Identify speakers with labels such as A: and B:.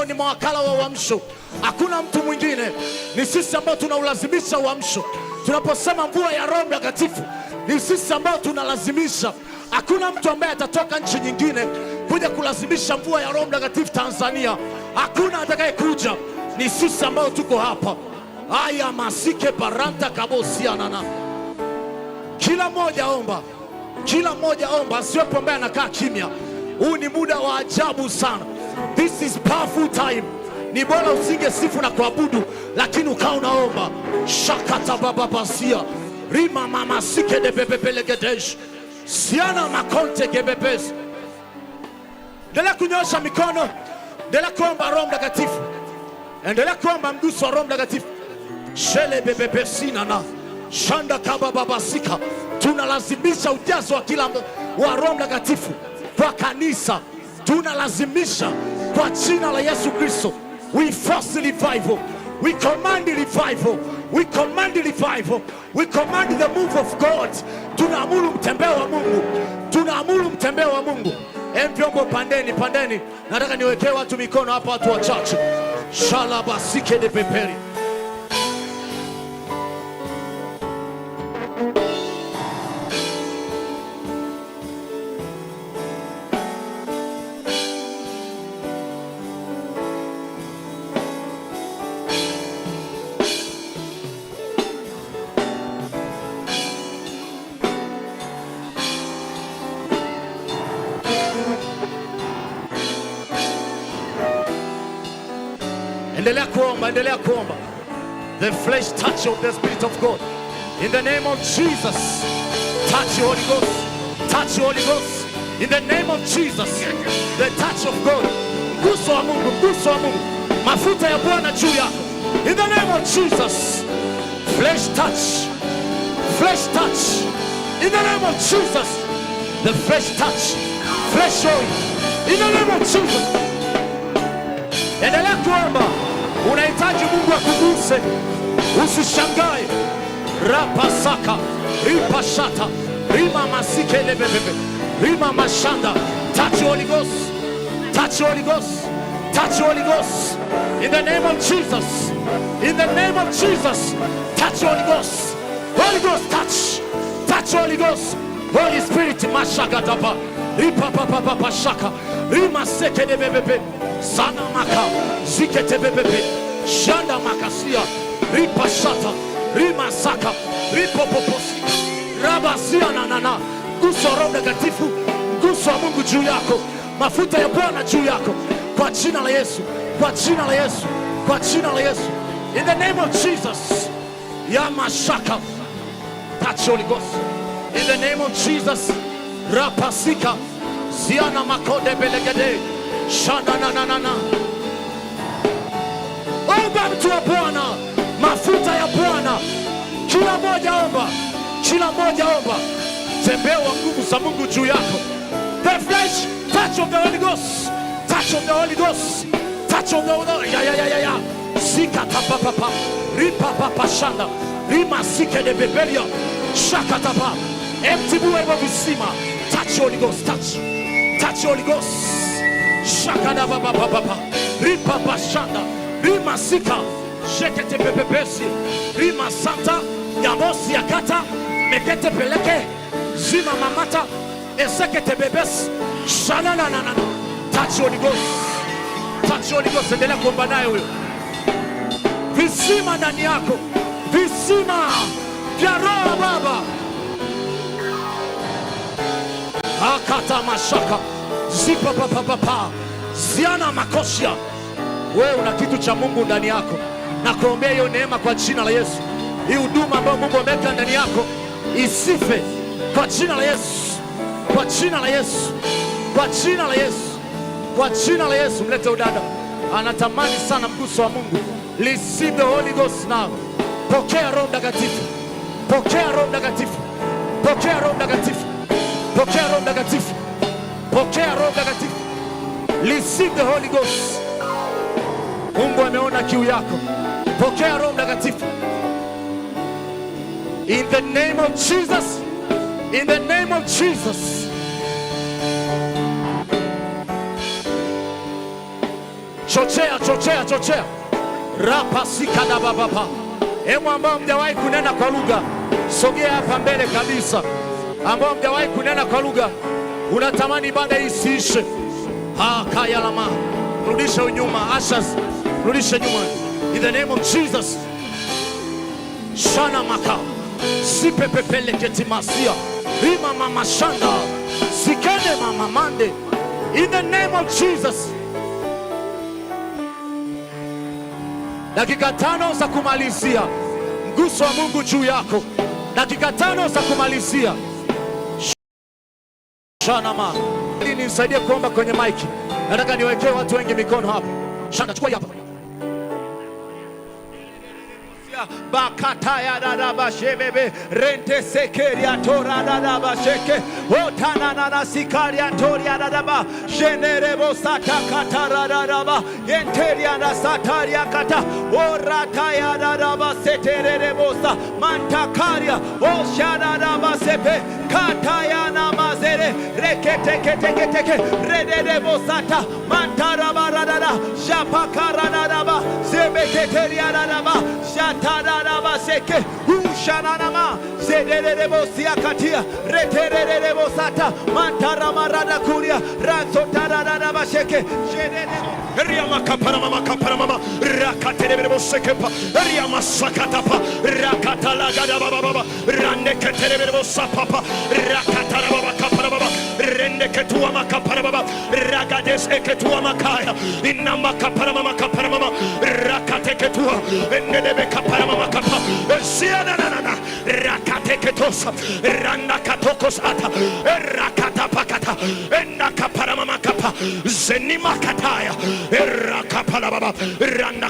A: ambao ni mawakala wa uamsho. Hakuna mtu mwingine, ni sisi ambao tunaulazimisha uamsho. Tunaposema mvua ya Roho Mtakatifu, ni sisi ambao tunalazimisha. Hakuna mtu ambaye atatoka nchi nyingine kuja kulazimisha mvua ya Roho Mtakatifu Tanzania. Hakuna atakayekuja, ni sisi ambao tuko hapa. Haya masike paranta kabosianana, kila mmoja omba, kila mmoja omba, asiwepo ambaye anakaa kimya. Huu ni muda wa ajabu sana. This is powerful time. Ni bora usinge sifu na kuabudu, lakini ukawa unaomba shakata baba basia rima mama sike de bebepelegedesh siana makonte gebebes. Endelea kunyosha mikono, endelea kuomba Roho Mtakatifu, endelea kuomba mguso wa Roho Mtakatifu. shele pesina na shanda kaba babasika, tunalazimisha ujazo wa kila wa Roho Mtakatifu kwa kanisa, tunalazimisha kwa jina la Yesu Kristo. We force revival. We command revival. We command revival. We command the move of God. Tunaamuru mtembeo wa Mungu, tunaamuru mtembeo wa Mungu. vyombo pandeni, pandeni. Nataka niwekee watu mikono hapa, watu wachache. shala basike de peperi Endelea kuomba, endelea kuomba. The flesh touch of the Spirit of God. In the name of Jesus. Touch your Holy Ghost. Touch your Holy Ghost. In the name of Jesus. The touch of God. Guso wa Mungu, guso wa Mungu. Mafuta ya Bwana juu yako. In the name of Jesus. Flesh touch. Flesh touch. In the name of Jesus. The flesh touch. Flesh oil. In the name of Jesus. Endelea kuomba. Unahitaji Mungu akuguse, usishangae. rapasaka ripashata rima lebebebe rima mashanda touch Holy Ghost, touch Holy Ghost, touch Holy Ghost in the name of Jesus, in the name of Jesus, touch Holy Ghost, Holy Ghost touch, touch Holy Ghost, Holy Spirit rima seke lebebebe sana maka ziketepepepe shanda makasia ripashata poposi, raba rabasia nanana. Nguso wa Roho negatifu, guso wa Mungu juu yako, mafuta ya Bwana juu yako, kwa jina la Yesu, kwa jina la Yesu, kwa jina la Yesu, in the name of Jesus yamashaka touch Holy Ghost in the name of Jesus rapasika ziana makode belegedei, Shananana, omba mtu wa Bwana, mafuta ya Bwana, kila moja omba, kila moja omba, tembea wa nguvu za Mungu juu yako. The flesh touch of the Holy Ghost, touch of the Holy Ghost, touch of the Holy ya ya ya ya sika tapa papa ripa papa shanda rima sike de bebelia shaka tapa emtibua hivyo visima. Touch Holy Ghost, touch touch Holy Ghost shakadababababa ripapashanda rimasika Rima rimasanta yamosi yakata mekete peleke zima mamata eseketebebesi shanalananana tachi Holigosi, Touch your endelea kuomba naye huyo. Visima ndani yako, visima vya Roho Baba akata mashaka zipapapapapa ziana makosia. Wewe una kitu cha Mungu ndani yako, na kuombea hiyo neema kwa jina la Yesu. Hii huduma ambayo Mungu ameweka ndani yako isife kwa jina la Yesu, kwa jina la Yesu, kwa jina la Yesu, kwa jina la Yesu. Mlete udada, anatamani sana mguso wa Mungu. Receive the Holy Ghost now. Pokea Roho Mtakatifu, pokea Roho Mtakatifu, pokea Roho Mtakatifu, pokea Roho Mtakatifu. Pokea Roho Mtakatifu, receive the Holy Ghost. Mungu ameona kiu yako, pokea Roho Mtakatifu in the name of Jesus, in the name of Jesus. Chochea, chochea, chochea rapasikadababapa. Hemu ambao mjawahi kunena kwa lugha, sogea hapa mbele kabisa. Ambao mjawahi kunena kwa lugha unatamani ibada hii isiishe. Hakayalama, rudisha nyuma, ashes, rudisha nyuma. In the name of Jesus. Shana maka sipepepeleketimasia ketimasia rima mama shanda sikene mama mande. In the name of Jesus. Dakika tano za kumalizia, mguso wa Mungu juu yako, dakika tano za kumalizia. Shanama. Ili nisaidie kuomba kwenye maiki. Nataka niwekee watu wengi mikono hapa. Shaka chukua hapa.
B: Bakata ya dadaba shebebe rente sekeri ya tora dadaba sheke otana na nasikari ya tori ya dadaba shenerebo sata katara dadaba yenteri na nasatari ya kata orata ya dadaba seterebo sa mantakaria osha dadaba sepe kata ya nama teke redede bosata mantara barada japakara ba zebeketeriana ba jatara ba seke Shananama, Zederebo Siakatia, Reterebo Sata, Mantara Marada Kuria, Ransotara Rabasheke, Jenebo. Riyama kaparamama kaparamama rakatene bir bosekepa Riyama sakatapa rakatala gada baba baba ranneketene bir bosapapa rakata edeseketua makaya inamakaparamamakaparamama rakateketua enedebekaparamakapa esiananana rakateketosa randakatokosata erakatapakata endakaparamakapa zenimakataya erakapalababa randa